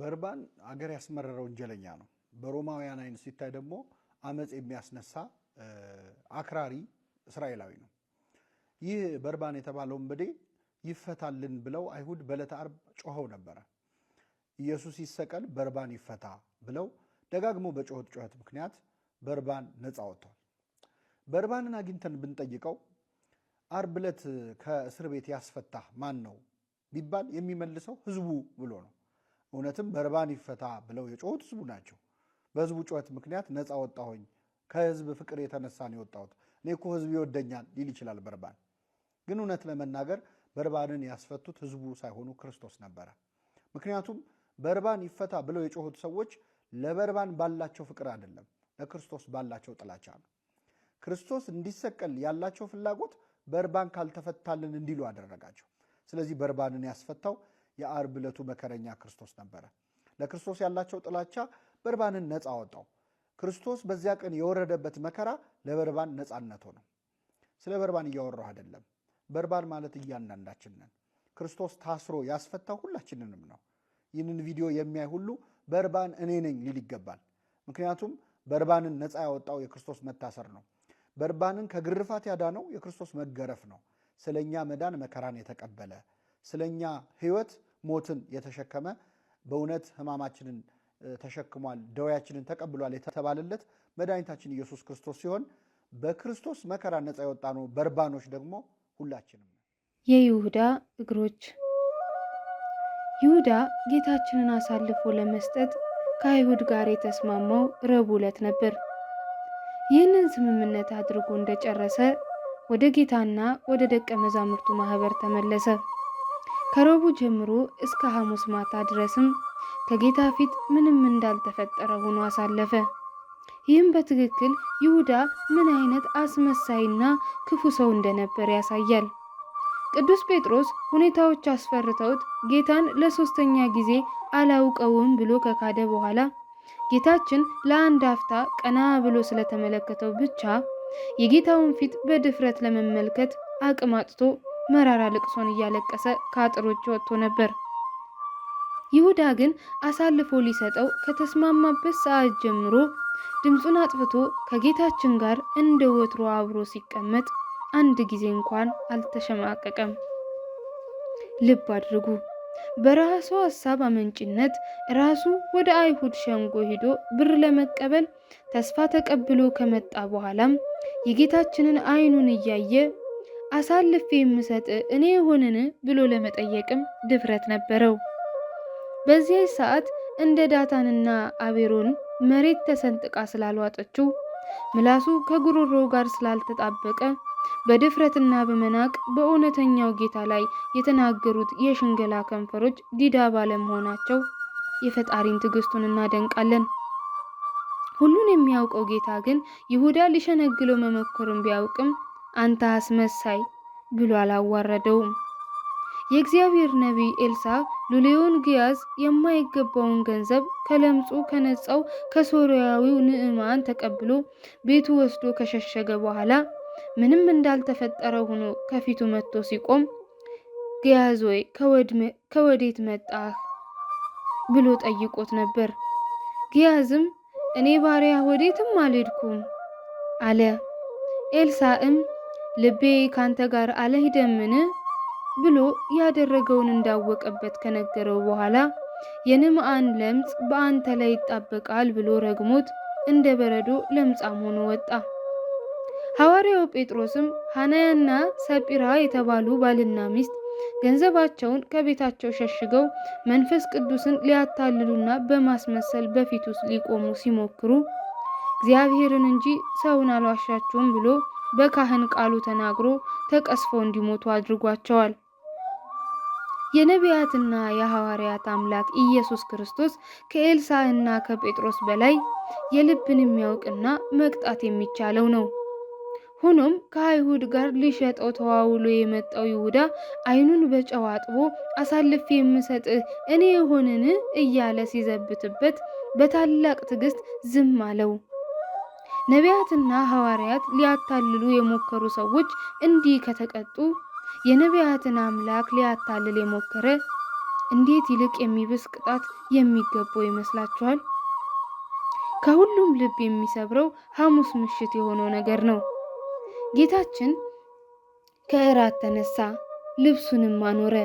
በርባን አገር ያስመረረ ወንጀለኛ ነው። በሮማውያን አይነት ሲታይ ደግሞ አመፅ የሚያስነሳ አክራሪ እስራኤላዊ ነው። ይህ በርባን የተባለው ወንበዴ ይፈታልን ብለው አይሁድ በዕለተ ዓርብ ጮኸው ነበረ። ኢየሱስ ይሰቀል፣ በርባን ይፈታ ብለው ደጋግሞ በጮኸት ጮኸት ምክንያት በርባን ነፃ ወጥቷል። በርባንን አግኝተን ብንጠይቀው ዓርብ ዕለት ከእስር ቤት ያስፈታ ማን ነው ቢባል የሚመልሰው ህዝቡ ብሎ ነው። እውነትም በርባን ይፈታ ብለው የጮሁት ህዝቡ ናቸው። በህዝቡ ጩኸት ምክንያት ነፃ ወጣሁኝ፣ ከህዝብ ፍቅር የተነሳ ነው የወጣሁት፣ እኔ እኮ ህዝብ ይወደኛል ሊል ይችላል በርባን። ግን እውነት ለመናገር በርባንን ያስፈቱት ህዝቡ ሳይሆኑ ክርስቶስ ነበረ። ምክንያቱም በርባን ይፈታ ብለው የጮሁት ሰዎች ለበርባን ባላቸው ፍቅር አይደለም፣ ለክርስቶስ ባላቸው ጥላቻ ነው። ክርስቶስ እንዲሰቀል ያላቸው ፍላጎት በርባን ካልተፈታልን እንዲሉ አደረጋቸው። ስለዚህ በርባንን ያስፈታው የአርብ ዕለቱ መከረኛ ክርስቶስ ነበረ። ለክርስቶስ ያላቸው ጥላቻ በርባንን ነፃ አወጣው። ክርስቶስ በዚያ ቀን የወረደበት መከራ ለበርባን ነፃነቱ ነው። ስለ በርባን እያወራሁ አይደለም። በርባን ማለት እያንዳንዳችን ነን። ክርስቶስ ታስሮ ያስፈታው ሁላችንንም ነው። ይህንን ቪዲዮ የሚያይ ሁሉ በርባን እኔ ነኝ ሊል ይገባል። ምክንያቱም በርባንን ነፃ ያወጣው የክርስቶስ መታሰር ነው። በርባንን ከግርፋት ያዳነው የክርስቶስ መገረፍ ነው። ስለኛ መዳን መከራን የተቀበለ ስለኛ ሕይወት ሞትን የተሸከመ በእውነት ሕማማችንን ተሸክሟል፣ ደውያችንን ተቀብሏል የተባለለት መድኃኒታችን ኢየሱስ ክርስቶስ ሲሆን በክርስቶስ መከራ ነፃ የወጣ ነው። በርባኖች ደግሞ ሁላችንም የይሁዳ እግሮች። ይሁዳ ጌታችንን አሳልፎ ለመስጠት ከአይሁድ ጋር የተስማማው ረቡዕ ዕለት ነበር። ይህንን ስምምነት አድርጎ እንደጨረሰ ወደ ጌታና ወደ ደቀ መዛሙርቱ ማህበር ተመለሰ። ከረቡዕ ጀምሮ እስከ ሐሙስ ማታ ድረስም ከጌታ ፊት ምንም እንዳልተፈጠረ ሆኖ አሳለፈ። ይህም በትክክል ይሁዳ ምን አይነት አስመሳይና ክፉ ሰው እንደነበር ያሳያል። ቅዱስ ጴጥሮስ ሁኔታዎች አስፈርተውት ጌታን ለሶስተኛ ጊዜ አላውቀውም ብሎ ከካደ በኋላ ጌታችን ለአንድ አፍታ ቀና ብሎ ስለተመለከተው ብቻ የጌታውን ፊት በድፍረት ለመመልከት አቅም አጥቶ መራራ ልቅሶን እያለቀሰ ከአጥር ውጭ ወጥቶ ነበር። ይሁዳ ግን አሳልፎ ሊሰጠው ከተስማማበት ሰዓት ጀምሮ ድምፁን አጥፍቶ ከጌታችን ጋር እንደ ወትሮ አብሮ ሲቀመጥ አንድ ጊዜ እንኳን አልተሸማቀቀም። ልብ አድርጉ። በራሱ ሀሳብ አመንጭነት ራሱ ወደ አይሁድ ሸንጎ ሂዶ ብር ለመቀበል ተስፋ ተቀብሎ ከመጣ በኋላም የጌታችንን አይኑን እያየ አሳልፌ የምሰጥ እኔ የሆንን ብሎ ለመጠየቅም ድፍረት ነበረው። በዚህ ሰዓት እንደ ዳታንና አቤሮን መሬት ተሰንጥቃ ስላልዋጠችው ምላሱ ከጉሮሮ ጋር ስላልተጣበቀ በድፍረትና በመናቅ በእውነተኛው ጌታ ላይ የተናገሩት የሽንገላ ከንፈሮች ዲዳ ባለመሆናቸው የፈጣሪን ትዕግስቱን እናደንቃለን። ሁሉን የሚያውቀው ጌታ ግን ይሁዳ ሊሸነግለው መሞከሩን ቢያውቅም አንተ አስመሳይ ብሎ አላዋረደውም። የእግዚአብሔር ነቢይ ኤልሳ ሉሌውን ግያዝ የማይገባውን ገንዘብ ከለምጹ ከነጻው ከሶርያዊው ንዕማን ተቀብሎ ቤቱ ወስዶ ከሸሸገ በኋላ ምንም እንዳልተፈጠረ ሆኖ ከፊቱ መጥቶ ሲቆም ግያዝ ወይ ከወዴት መጣህ ብሎ ጠይቆት ነበር። ግያዝም እኔ ባሪያ ወዴትም አልሄድኩም አለ። ኤልሳዕም ልቤ ካንተ ጋር አልሄደምን ብሎ ያደረገውን እንዳወቀበት ከነገረው በኋላ የንምአን ለምጽ በአንተ ላይ ይጣበቃል ብሎ ረግሞት እንደ በረዶ ለምጻም ሆኖ ወጣ። ሐዋርያው ጴጥሮስም ሐናያና ሰጲራ የተባሉ ባልና ሚስት ገንዘባቸውን ከቤታቸው ሸሽገው መንፈስ ቅዱስን ሊያታልሉና በማስመሰል በፊቱ ሊቆሙ ሲሞክሩ እግዚአብሔርን እንጂ ሰውን አልዋሻችሁም ብሎ በካህን ቃሉ ተናግሮ ተቀስፎ እንዲሞቱ አድርጓቸዋል። የነቢያትና የሐዋርያት አምላክ ኢየሱስ ክርስቶስ ከኤልሳ እና ከጴጥሮስ በላይ የልብን የሚያውቅና መቅጣት የሚቻለው ነው። ሆኖም ከአይሁድ ጋር ሊሸጠው ተዋውሎ የመጣው ይሁዳ ዓይኑን በጨው አጥቦ አሳልፌ የምሰጥህ እኔ የሆንን እያለ ሲዘብትበት በታላቅ ትዕግስት ዝም አለው። ነቢያትና ሐዋርያት ሊያታልሉ የሞከሩ ሰዎች እንዲህ ከተቀጡ የነቢያትን አምላክ ሊያታልል የሞከረ እንዴት ይልቅ የሚብስ ቅጣት የሚገባው ይመስላችኋል? ከሁሉም ልብ የሚሰብረው ሐሙስ ምሽት የሆነው ነገር ነው። ጌታችን ከእራት ተነሳ፣ ልብሱንም አኖረ፣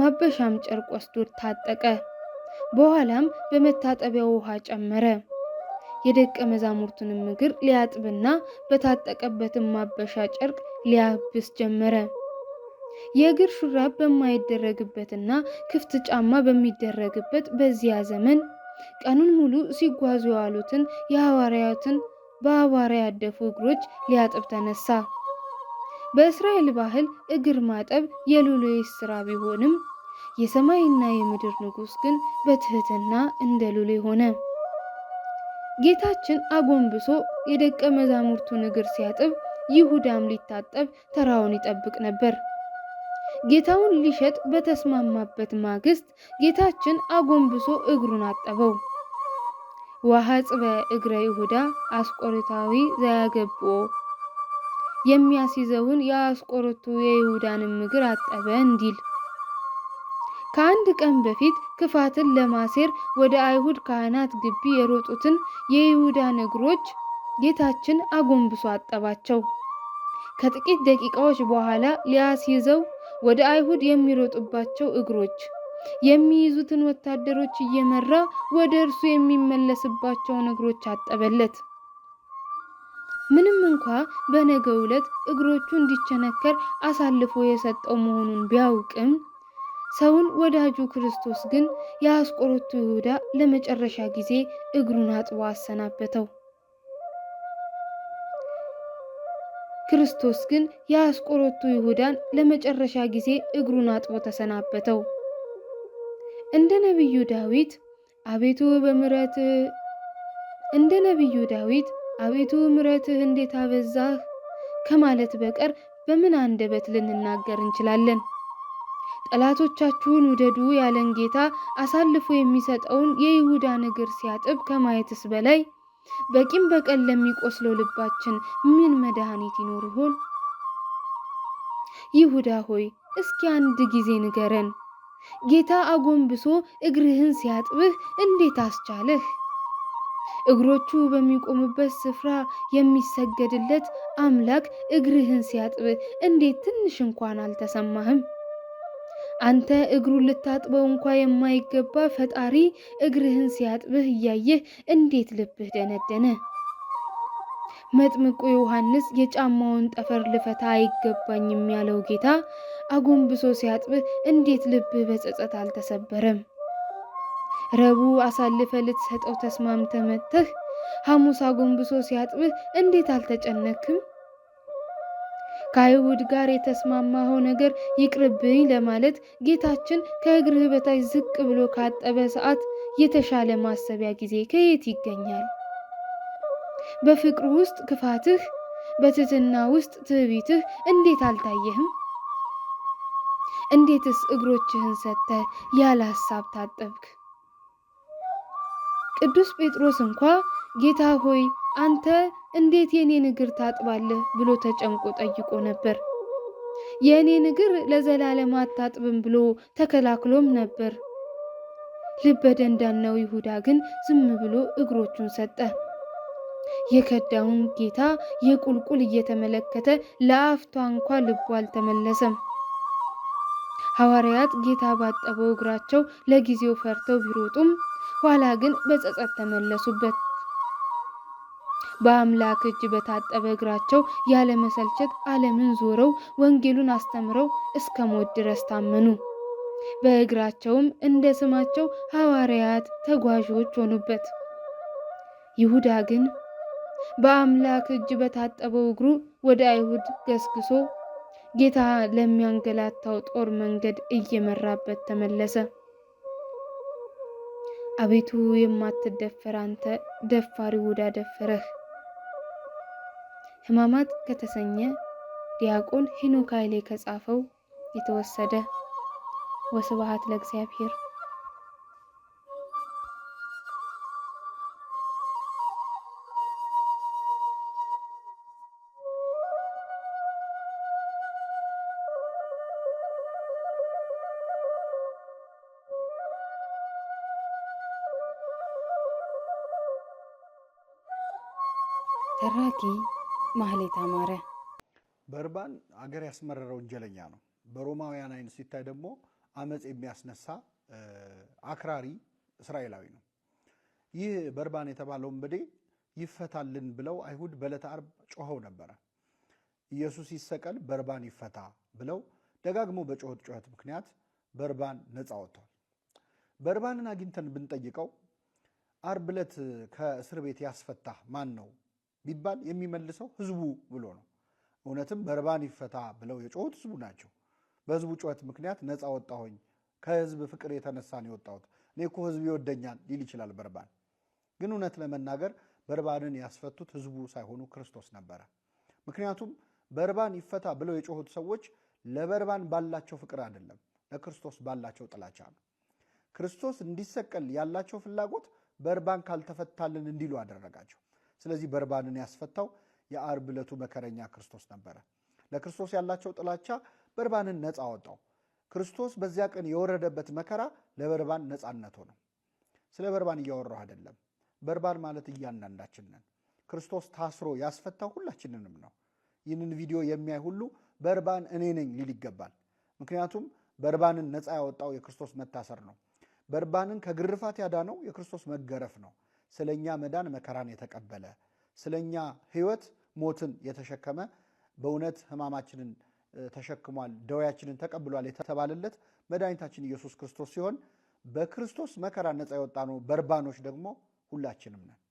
ማበሻም ጨርቅ ወስዶ ታጠቀ። በኋላም በመታጠቢያው ውሃ ጨመረ። የደቀ መዛሙርቱንም እግር ሊያጥብና በታጠቀበትም ማበሻ ጨርቅ ሊያብስ ጀመረ። የእግር ሹራብ በማይደረግበትና ክፍት ጫማ በሚደረግበት በዚያ ዘመን ቀኑን ሙሉ ሲጓዙ የዋሉትን የሐዋርያትን በአቧራ ያደፉ እግሮች ሊያጥብ ተነሳ። በእስራኤል ባህል እግር ማጠብ የሎሌዎች ሥራ ቢሆንም የሰማይና የምድር ንጉሥ ግን በትህትና እንደ ሉሎ ሆነ። ጌታችን አጎንብሶ የደቀ መዛሙርቱን እግር ሲያጥብ ይሁዳም ሊታጠብ ተራውን ይጠብቅ ነበር። ጌታውን ሊሸጥ በተስማማበት ማግስት ጌታችን አጎንብሶ እግሩን አጠበው። ወሐጽበ እግረ ይሁዳ አስቆሮታዊ ዘያገብኦ የሚያስይዘውን የአስቆሮቱ የይሁዳንም እግር አጠበ እንዲል ከአንድ ቀን በፊት ክፋትን ለማሴር ወደ አይሁድ ካህናት ግቢ የሮጡትን የይሁዳን እግሮች ጌታችን አጎንብሶ አጠባቸው። ከጥቂት ደቂቃዎች በኋላ ሊያስይዘው ወደ አይሁድ የሚሮጡባቸው እግሮች የሚይዙትን ወታደሮች እየመራ ወደ እርሱ የሚመለስባቸውን እግሮች አጠበለት። ምንም እንኳ በነገው ዕለት እግሮቹ እንዲቸነከር አሳልፎ የሰጠው መሆኑን ቢያውቅም ሰውን ወዳጁ ክርስቶስ ግን የአስቆሮቱ ይሁዳ ለመጨረሻ ጊዜ እግሩን አጥቦ አሰናበተው። ክርስቶስ ግን የአስቆሮቱ ይሁዳን ለመጨረሻ ጊዜ እግሩን አጥቦ ተሰናበተው። እንደ ነቢዩ ዳዊት አቤቱ በምሕረትህ እንደ ነቢዩ ዳዊት አቤቱ ምሕረትህ እንዴት አበዛህ ከማለት በቀር በምን አንደበት ልንናገር እንችላለን? ጠላቶቻችሁን ውደዱ ያለን ጌታ አሳልፎ የሚሰጠውን የይሁዳን እግር ሲያጥብ ከማየትስ በላይ በቂም በቀል ለሚቆስለው ልባችን ምን መድኃኒት ይኖር ይሆን? ይሁዳ ሆይ እስኪ አንድ ጊዜ ንገረን። ጌታ አጎንብሶ እግርህን ሲያጥብህ እንዴት አስቻለህ? እግሮቹ በሚቆሙበት ስፍራ የሚሰገድለት አምላክ እግርህን ሲያጥብህ እንዴት ትንሽ እንኳን አልተሰማህም? አንተ እግሩን ልታጥበው እንኳ የማይገባ ፈጣሪ እግርህን ሲያጥብህ እያየህ እንዴት ልብህ ደነደነ? መጥምቁ ዮሐንስ የጫማውን ጠፈር ልፈታ አይገባኝም ያለው ጌታ አጎንብሶ ሲያጥብህ እንዴት ልብህ በጸጸት አልተሰበረም? ረቡዕ አሳልፈ ልትሰጠው ተስማምተ መጥተህ ሐሙስ አጎንብሶ ሲያጥብህ እንዴት አልተጨነክም? ከአይሁድ ጋር የተስማማኸው ነገር ይቅርብኝ ለማለት ጌታችን ከእግርህ በታች ዝቅ ብሎ ካጠበ ሰዓት የተሻለ ማሰቢያ ጊዜ ከየት ይገኛል? በፍቅር ውስጥ ክፋትህ፣ በትህትና ውስጥ ትዕቢትህ እንዴት አልታየህም? እንዴትስ እግሮችህን ሰጥተህ ያለ ሀሳብ ታጠብክ? ቅዱስ ጴጥሮስ እንኳ ጌታ ሆይ አንተ እንዴት የእኔን እግር ታጥባለህ ብሎ ተጨንቆ ጠይቆ ነበር። የእኔን እግር ለዘላለም አታጥብም ብሎ ተከላክሎም ነበር። ልበ ደንዳናው ይሁዳ ግን ዝም ብሎ እግሮቹን ሰጠ። የከዳውን ጌታ የቁልቁል እየተመለከተ ለአፍቷ እንኳ ልቡ አልተመለሰም። ሐዋርያት ጌታ ባጠበው እግራቸው ለጊዜው ፈርተው ቢሮጡም ኋላ ግን በጸጸት ተመለሱበት። በአምላክ እጅ በታጠበ እግራቸው ያለ መሰልቸት ዓለምን ዞረው ወንጌሉን አስተምረው እስከ ሞት ድረስ ታመኑ። በእግራቸውም እንደ ስማቸው ሐዋርያት ተጓዦች ሆኑበት። ይሁዳ ግን በአምላክ እጅ በታጠበው እግሩ ወደ አይሁድ ገስግሶ ጌታ ለሚያንገላታው ጦር መንገድ እየመራበት ተመለሰ። አቤቱ የማትደፈር አንተ ደፋሪ ውዳ ደፈረህ። ሕማማት ከተሰኘ ዲያቆን ሄኖክ ኃይሌ ከጻፈው የተወሰደ። ወስብሐት ለእግዚአብሔር። ተራኪ ማህሌት አማረ። በርባን አገር ያስመረረ ወንጀለኛ ነው። በሮማውያን አይን ሲታይ ደግሞ አመፅ የሚያስነሳ አክራሪ እስራኤላዊ ነው። ይህ በርባን የተባለው በዴ ይፈታልን ብለው አይሁድ በዕለተ ዓርብ ጮኸው ነበረ። ኢየሱስ ይሰቀል፣ በርባን ይፈታ ብለው ደጋግሞ በጮኸት ጮኸት ምክንያት በርባን ነፃ ወጥቷል። በርባንን አግኝተን ብንጠይቀው ዓርብ ዕለት ከእስር ቤት ያስፈታ ማን ነው ቢባል የሚመልሰው ህዝቡ ብሎ ነው። እውነትም በርባን ይፈታ ብለው የጮሁት ህዝቡ ናቸው። በህዝቡ ጩኸት ምክንያት ነፃ ወጣሁኝ፣ ከህዝብ ፍቅር የተነሳ ነው የወጣሁት፣ እኔ እኮ ህዝብ ይወደኛል ሊል ይችላል በርባን። ግን እውነት ለመናገር በርባንን ያስፈቱት ህዝቡ ሳይሆኑ ክርስቶስ ነበረ። ምክንያቱም በርባን ይፈታ ብለው የጮሁት ሰዎች ለበርባን ባላቸው ፍቅር አይደለም፣ ለክርስቶስ ባላቸው ጥላቻ ነው። ክርስቶስ እንዲሰቀል ያላቸው ፍላጎት በርባን ካልተፈታልን እንዲሉ አደረጋቸው። ስለዚህ በርባንን ያስፈታው የአርብ ዕለቱ መከረኛ ክርስቶስ ነበረ። ለክርስቶስ ያላቸው ጥላቻ በርባንን ነፃ አወጣው። ክርስቶስ በዚያ ቀን የወረደበት መከራ ለበርባን ነፃነት ሆነ። ስለ በርባን እያወራሁ አይደለም። በርባን ማለት እያንዳንዳችን ነን። ክርስቶስ ታስሮ ያስፈታው ሁላችንንም ነው። ይህንን ቪዲዮ የሚያይ ሁሉ በርባን እኔ ነኝ ሊል ይገባል። ምክንያቱም በርባንን ነፃ ያወጣው የክርስቶስ መታሰር ነው። በርባንን ከግርፋት ያዳነው የክርስቶስ መገረፍ ነው። ስለ እኛ መዳን መከራን የተቀበለ ስለ እኛ ሕይወት ሞትን የተሸከመ በእውነት ሕማማችንን ተሸክሟል፣ ደዌያችንን ተቀብሏል የተባለለት መድኃኒታችን ኢየሱስ ክርስቶስ ሲሆን በክርስቶስ መከራ ነፃ የወጣ ነው። በርባኖች ደግሞ ሁላችንም ነን።